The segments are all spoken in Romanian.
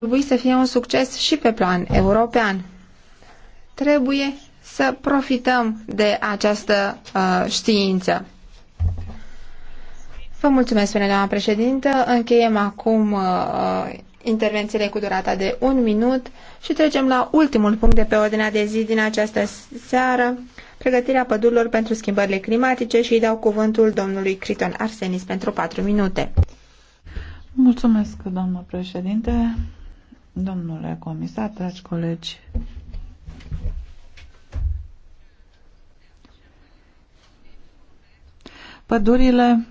trebui să fie un succes și pe plan european. Trebuie să profităm de această uh, știință. Vă mulțumesc, spune doamna președintă. Încheiem acum uh, uh, intervențiile cu durata de un minut și trecem la ultimul punct de pe ordinea de zi din această seară, pregătirea pădurilor pentru schimbările climatice și îi dau cuvântul domnului Criton Arsenis pentru patru minute. Mulțumesc, doamnă președinte. Domnule comisar, dragi colegi, pădurile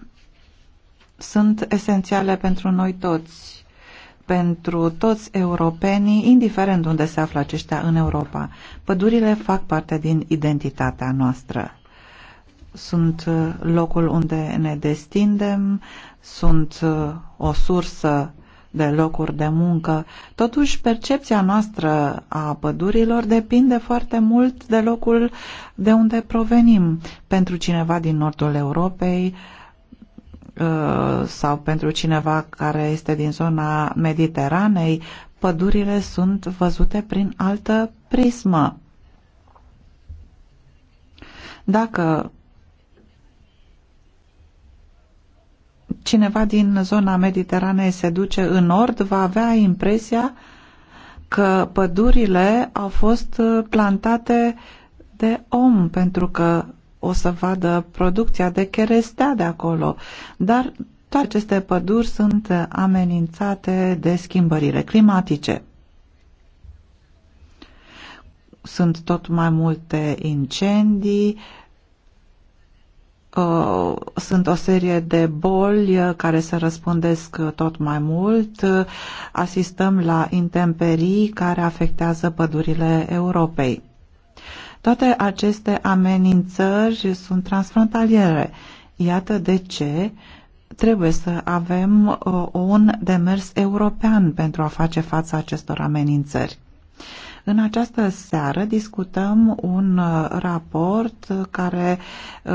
sunt esențiale pentru noi toți, pentru toți europenii, indiferent unde se află aceștia în Europa. Pădurile fac parte din identitatea noastră sunt uh, locul unde ne destindem, sunt uh, o sursă de locuri de muncă. Totuși, percepția noastră a pădurilor depinde foarte mult de locul de unde provenim. Pentru cineva din nordul Europei, uh, sau pentru cineva care este din zona Mediteranei, pădurile sunt văzute prin altă prismă. Dacă cineva din zona Mediteranei se duce în nord, va avea impresia că pădurile au fost uh, plantate de om, pentru că o să vadă producția de cherestea de acolo. Dar toate aceste păduri sunt amenințate de schimbările climatice. Sunt tot mai multe incendii, Uh, sunt o serie de boli uh, care se răspândesc uh, tot mai mult. Asistăm la intemperii care afectează pădurile Europei. Toate aceste amenințări sunt transfrontaliere. Iată de ce trebuie să avem un demers european pentru a face față acestor amenințări. În această seară discutăm un uh, raport care uh,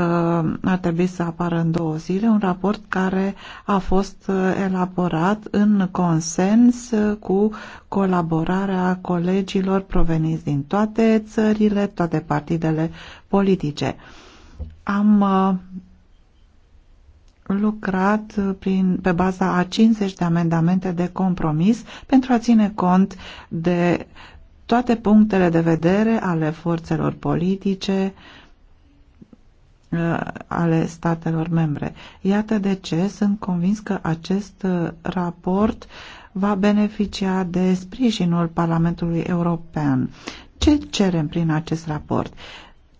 ar trebui să apară în două zile, un raport care a fost uh, elaborat în consens cu colaborarea colegilor proveniți din toate țările, toate partidele politice. Am lucrat prin, pe baza a 50 de amendamente de compromis pentru a ține cont de toate punctele de vedere ale forțelor politice, uh, ale statelor membre. Iată de ce sunt convins că acest uh, raport va beneficia de sprijinul Parlamentului European. Ce cerem prin acest raport?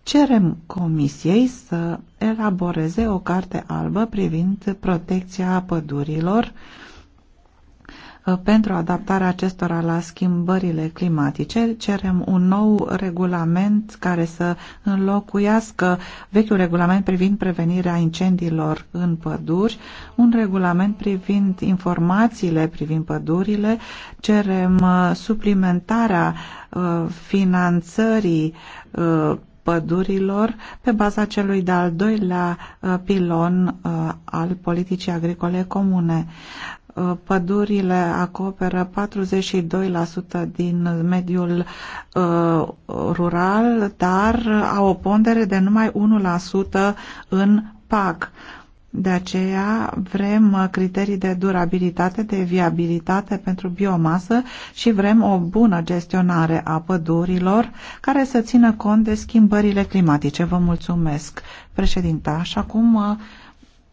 Cerem Comisiei să elaboreze o carte albă privind protecția pădurilor uh, Uh, pentru adaptarea acestora la schimbările climatice. Cerem un nou regulament care să înlocuiască vechiul regulament privind prevenirea incendiilor în păduri, un regulament privind informațiile privind pădurile, cerem uh, suplimentarea uh, finanțării pădurilor pe baza celui de-al doilea pilon al politicii agricole comune. Uh, pădurile acoperă 42% din mediul uh, rural, dar au o pondere de numai 1% în PAC. De aceea vrem uh, criterii de durabilitate, de viabilitate pentru biomasă și vrem o bună gestionare a pădurilor care să țină cont de schimbările climatice. Vă mulțumesc, președinta. Și acum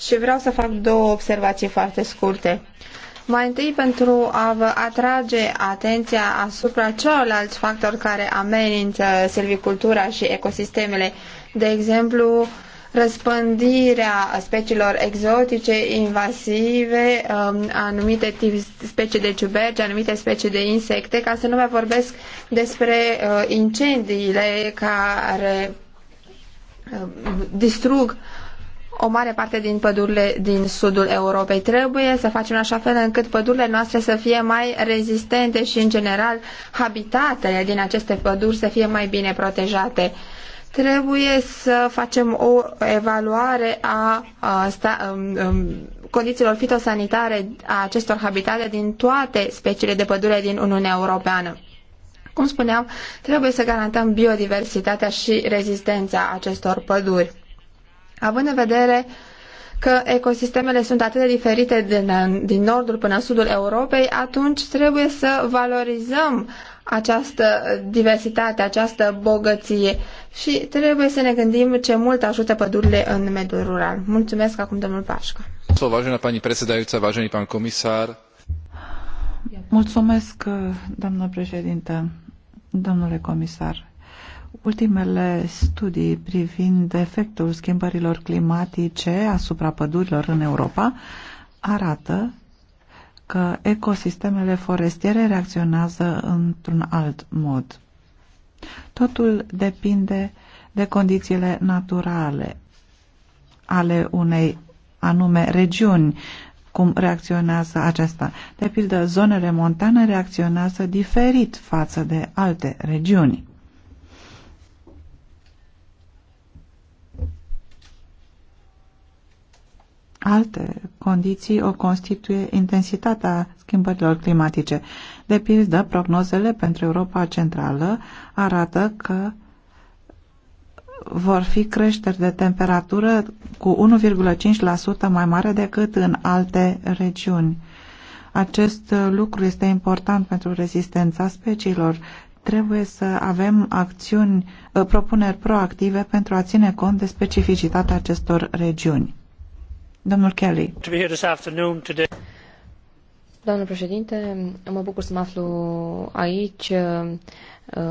și vreau să fac două observații foarte scurte. Mai întâi pentru a vă atrage atenția asupra celorlalți factori care amenință silvicultura și ecosistemele, de exemplu răspândirea speciilor exotice, invasive, um, anumite specii de ciuberci, anumite specii de insecte, ca să nu mai vorbesc despre uh, incendiile care uh, distrug o mare parte din pădurile din sudul Europei. Trebuie să facem așa fel încât pădurile noastre să fie mai rezistente și, în general, habitatele din aceste păduri să fie mai bine protejate. Trebuie să facem o evaluare a, a sta, um, um condițiilor fitosanitare a acestor habitate din toate speciile de pădure din Uniunea Europeană. Cum spuneam, trebuie să garantăm biodiversitatea și rezistența acestor păduri. Având în vedere că ecosistemele sunt atât de diferite din, din nordul până în sudul Europei, atunci trebuie să valorizăm această diversitate, această bogăție și trebuie să ne gândim ce mult ajută pădurile în mediul rural. Mulțumesc acum, domnul Pașca. Vážená pani predsedajúca, Mulțumesc, doamnă președintă, domnule comisar. Ultimele studii privind efectul schimbărilor climatice asupra pădurilor în Europa arată că ecosistemele forestiere reacționează într-un alt mod. Totul depinde de condițiile naturale ale unei anume regiuni, cum reacționează aceasta. De pildă, zonele montane reacționează diferit față de alte regiuni. alte condiții o constituie intensitatea schimbărilor climatice. De pildă, prognozele pentru Europa Centrală arată că vor fi creșteri de temperatură cu 1,5% mai mare decât în alte regiuni. Acest lucru este important pentru rezistența speciilor. Trebuie să avem acțiuni, ă, propuneri proactive pentru a ține cont de specificitatea acestor regiuni președinte, mă bucur să mă aflu aici uh, uh,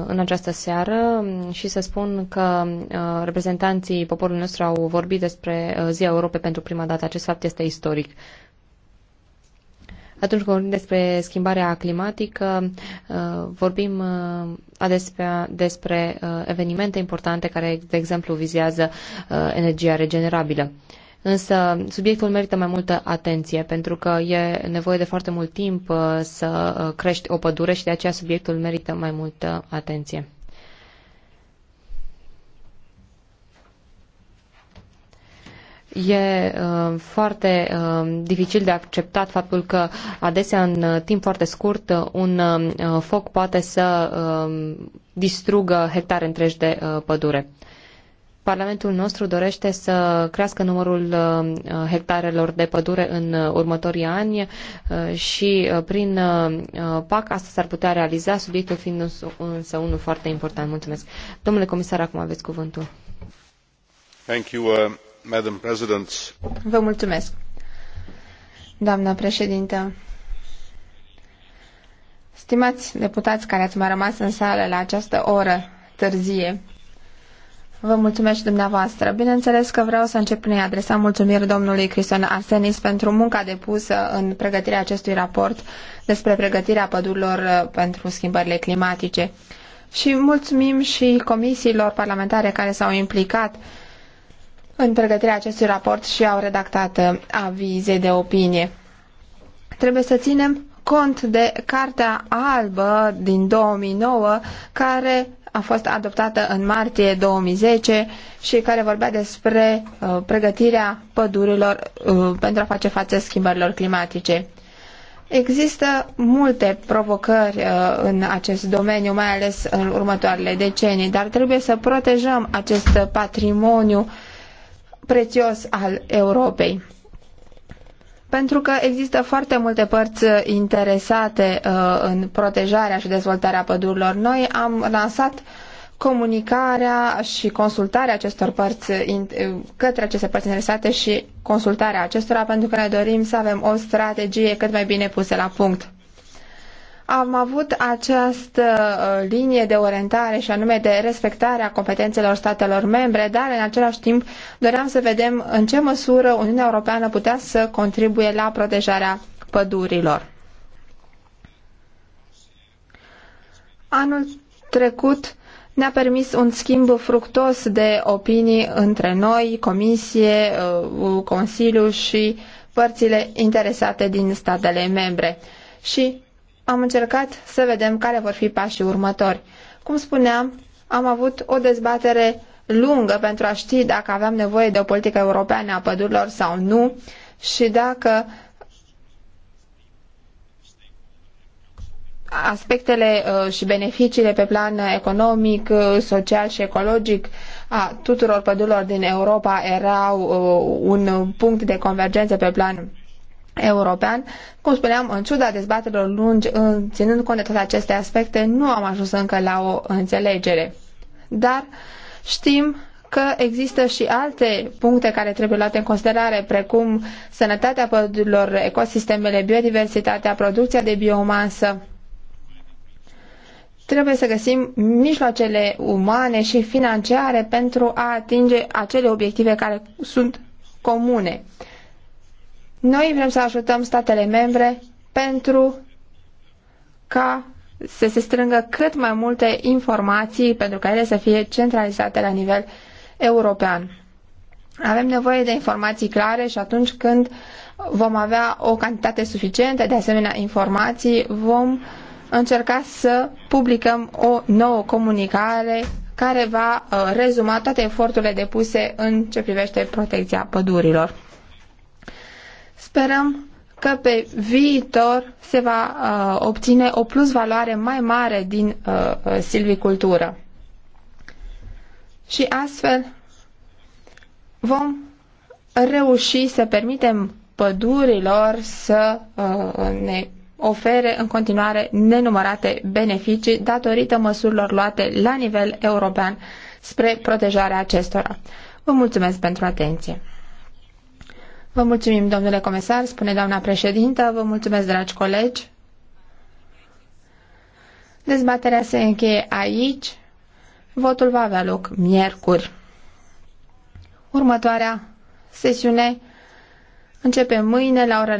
în această seară și să spun că uh, reprezentanții poporului nostru au vorbit despre Ziua Europei pentru prima dată. Acest fapt este istoric. Atunci când vorbim despre schimbarea climatică, vorbim adesea despre evenimente importante care, de exemplu, vizează energia regenerabilă. Însă subiectul merită mai multă atenție pentru că e nevoie de foarte mult timp uh, să uh, crești o pădure și de aceea subiectul merită mai multă atenție. E uh, foarte uh, dificil de acceptat faptul că adesea în uh, timp foarte scurt uh, un uh, foc poate să uh, distrugă hectare întregi de uh, pădure. Uh, Parlamentul nostru dorește să crească numărul uh, hectarelor de pădure în uh, următorii ani uh, și prin PAC asta s-ar putea realiza, subiectul fiind însă unul foarte important. Mulțumesc. Domnule comisar, acum aveți cuvântul. Thank you, uh, Madam President. Vă mulțumesc. Doamna președintă, stimați deputați care ați mai rămas în sală la această oră târzie, Vă mulțumesc și dumneavoastră. Bineînțeles că vreau să încep prin a adresa mulțumiri domnului Cristian Arsenis pentru munca depusă în pregătirea acestui raport despre pregătirea pădurilor uh, pentru schimbările climatice. Și mulțumim și comisiilor parlamentare care s-au implicat în pregătirea acestui raport și au redactat uh, avize de opinie. Trebuie să ținem cont de Cartea Albă din 2009, care a fost adoptată în martie 2010 și care vorbea despre uh, pregătirea pădurilor uh, pentru a face față schimbărilor climatice. Există multe provocări uh, în acest domeniu, mai ales în următoarele decenii, dar trebuie să protejăm acest patrimoniu prețios al Europei pentru că există foarte multe părți interesate uh, în protejarea și dezvoltarea pădurilor. Noi am lansat comunicarea și consultarea acestor părți uh, către aceste părți interesate și consultarea acestora pentru că ne dorim să avem o strategie cât mai bine pusă la punct am avut această uh, linie de orientare și anume de respectarea competențelor statelor membre, dar în același timp doream să vedem în ce măsură Uniunea Europeană putea să contribuie la protejarea pădurilor. Anul trecut ne-a permis un schimb fructos de opinii între noi, Comisie, uh, Consiliu și părțile interesate din statele membre. Și am încercat să vedem care vor fi pașii următori. Cum spuneam, am avut o dezbatere lungă pentru a ști dacă aveam nevoie de o politică europeană a pădurilor sau nu și dacă aspectele uh, și beneficiile pe plan economic, uh, social și ecologic a tuturor pădurilor din Europa erau uh, un punct de convergență pe plan european. Cum spuneam, în ciuda dezbaterilor lungi, ținând cont de toate aceste aspecte, nu am ajuns încă la o înțelegere. Dar știm că există și alte puncte care trebuie luate în considerare, precum sănătatea pădurilor, ecosistemele, biodiversitatea, producția de biomasă. Trebuie să găsim mijloacele umane și financiare pentru a atinge acele obiective care sunt comune. Noi vrem să ajutăm statele membre pentru ca să se strângă cât mai multe informații pentru ca ele să fie centralizate la nivel european. Avem nevoie de informații clare și atunci când vom avea o cantitate suficientă de asemenea informații, vom încerca să publicăm o nouă comunicare care va uh, rezuma toate eforturile depuse în ce privește protecția pădurilor. Sperăm că pe viitor se va uh, obține o plusvaloare mai mare din uh, uh, silvicultură. Și astfel vom reuși să permitem pădurilor să uh, ne ofere în continuare nenumărate beneficii datorită măsurilor luate la nivel european spre protejarea acestora. Vă mulțumesc pentru atenție! Vă mulțumim, domnule comisar, spune doamna președintă, vă mulțumesc, dragi colegi. Dezbaterea se încheie aici. Votul va avea loc miercuri. Următoarea sesiune începe mâine la orele